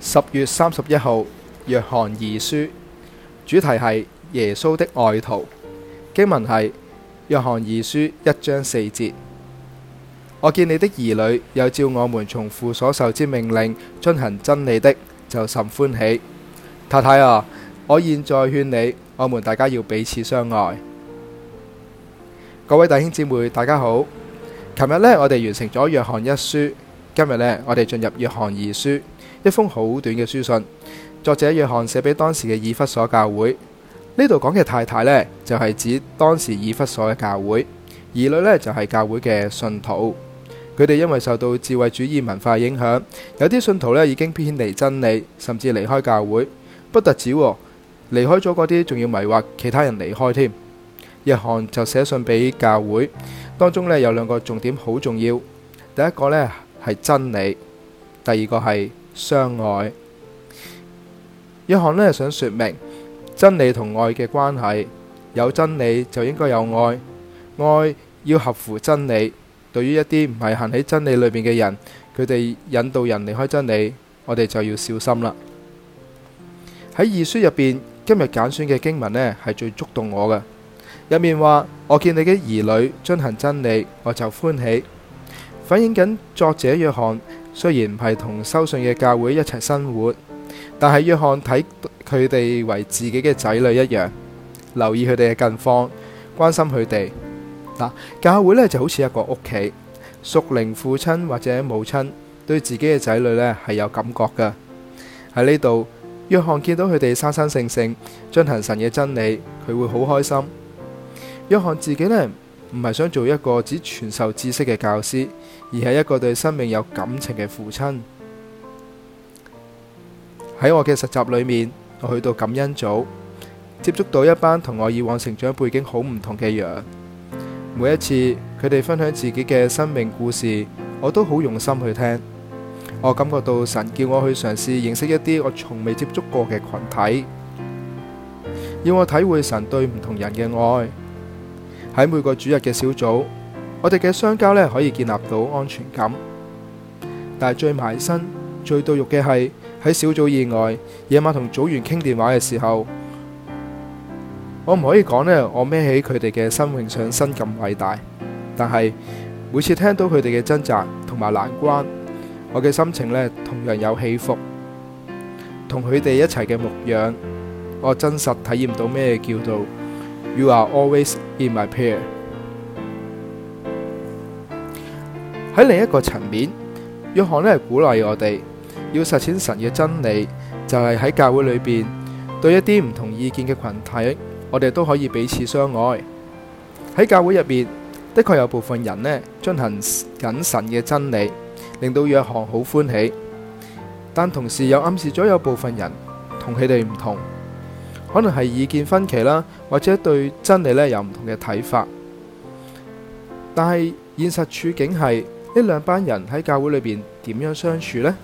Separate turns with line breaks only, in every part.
十月三十一號，約翰二書，主題係耶穌的愛徒，經文係約翰二書一章四節。我見你的兒女有照我們從父所受之命令，遵行真理的，就甚歡喜。太太啊，我現在勸你，我們大家要彼此相愛。各位弟兄姊妹，大家好。琴日呢，我哋完成咗約翰一書。今日呢，我哋進入約翰二書，一封好短嘅書信。作者約翰寫俾當時嘅以弗所教會，呢度講嘅太太呢，就係指當時以弗所嘅教會，兒女呢，就係教會嘅信徒。佢哋因為受到智慧主義文化影響，有啲信徒呢已經偏離真理，甚至離開教會。不特止，離開咗嗰啲，仲要迷惑其他人離開添。約翰就寫信俾教會，當中呢有兩個重點好重要。第一個呢。係真理，第二個係相愛。約翰呢想說明真理同愛嘅關係，有真理就應該有愛，愛要合乎真理。對於一啲唔係行喺真理裏面嘅人，佢哋引導人離開真理，我哋就要小心啦。喺二書入邊，今日揀選嘅經文呢係最觸動我嘅，入面話：我見你嘅兒女遵行真理，我就歡喜。反映緊作者約翰雖然唔係同收信嘅教會一齊生活，但係約翰睇佢哋為自己嘅仔女一樣，留意佢哋嘅近況，關心佢哋嗱。教會呢就好似一個屋企，屬靈父親或者母親對自己嘅仔女呢係有感覺㗎喺呢度。約翰見到佢哋生生性性遵行神嘅真理，佢會好開心。約翰自己呢，唔係想做一個只傳授知識嘅教師。而係一個對生命有感情嘅父親。喺我嘅實習裏面，我去到感恩組，接觸到一班同我以往成長背景好唔同嘅羊。每一次佢哋分享自己嘅生命故事，我都好用心去聽。我感覺到神叫我去嘗試認識一啲我從未接觸過嘅群體，要我體會神對唔同人嘅愛。喺每個主日嘅小組。我哋嘅相交呢，可以建立到安全感，但係最埋身、最到肉嘅係喺小組以外，夜晚同組員傾電話嘅時候，我唔可以講呢，我孭起佢哋嘅生命上身咁偉大，但係每次聽到佢哋嘅掙扎同埋難關，我嘅心情呢同樣有起伏。同佢哋一齊嘅牧養，我真實體驗到咩叫做 You are always in my prayer。喺另一個層面，約翰呢係鼓勵我哋要實踐神嘅真理，就係喺教會裏邊對一啲唔同意見嘅群體，我哋都可以彼此相愛。喺教會入邊，的確有部分人呢進行緊神嘅真理，令到約翰好歡喜。但同時又暗示咗有部分人同佢哋唔同，可能係意見分歧啦，或者對真理呢有唔同嘅睇法。但係現實處境係。呢兩班人喺教會裏邊點樣相處呢？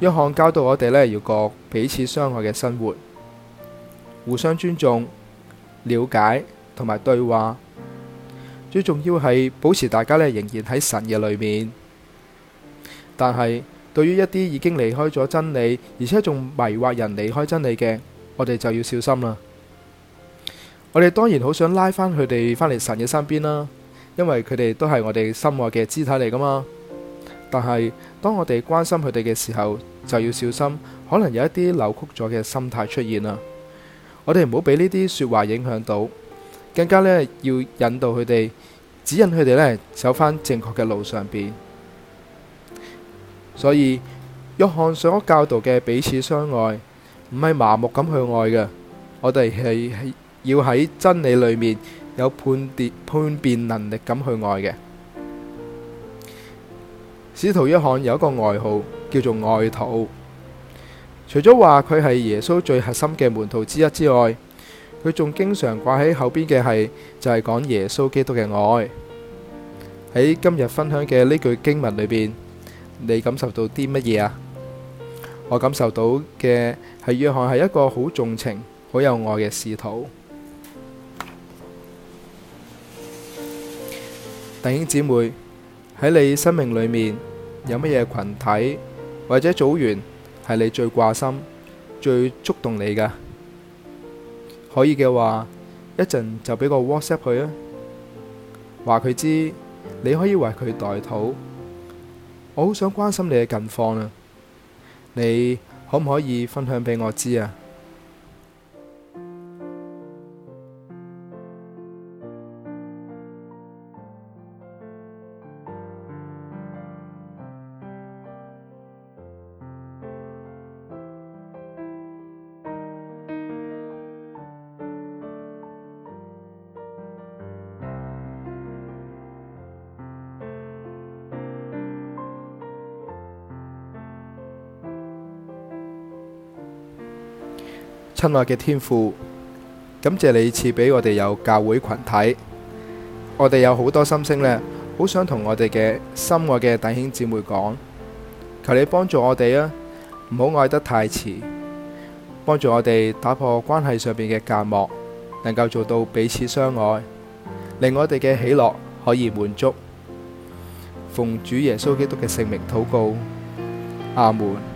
約翰教導我哋呢，要過彼此相愛嘅生活，互相尊重、了解同埋對話。最重要係保持大家呢，仍然喺神嘅裏面。但係對於一啲已經離開咗真理，而且仲迷惑人離開真理嘅，我哋就要小心啦。我哋當然好想拉返佢哋返嚟神嘅身邊啦。因為佢哋都係我哋心愛嘅肢體嚟噶嘛，但係當我哋關心佢哋嘅時候，就要小心，可能有一啲扭曲咗嘅心態出現啦。我哋唔好俾呢啲說話影響到，更加呢要引導佢哋，指引佢哋呢走返正確嘅路上邊。所以約翰所教導嘅彼此相愛，唔係麻木咁去愛嘅，我哋係要喺真理裏面。有判別判辨能力咁去愛嘅，使徒約翰有一個外號叫做愛徒，除咗話佢係耶穌最核心嘅門徒之一之外，佢仲經常掛喺後邊嘅係就係、是、講耶穌基督嘅愛。喺今日分享嘅呢句經文裏邊，你感受到啲乜嘢啊？我感受到嘅係約翰係一個好重情、好有愛嘅使徒。弟兄姊妹，喺你生命裏面有乜嘢群體或者組員係你最掛心、最觸動你噶？可以嘅話，一陣就俾個 WhatsApp 佢啊，話佢知你可以為佢代禱。我好想關心你嘅近況啊，你可唔可以分享俾我知啊？親愛嘅天父，感謝你賜俾我哋有教會群體，我哋有好多心聲呢，好想同我哋嘅心愛嘅弟兄姊妹講，求你幫助我哋啊，唔好愛得太遲，幫助我哋打破關係上邊嘅隔膜，能夠做到彼此相愛，令我哋嘅喜樂可以滿足。奉主耶穌基督嘅聖名禱告，阿門。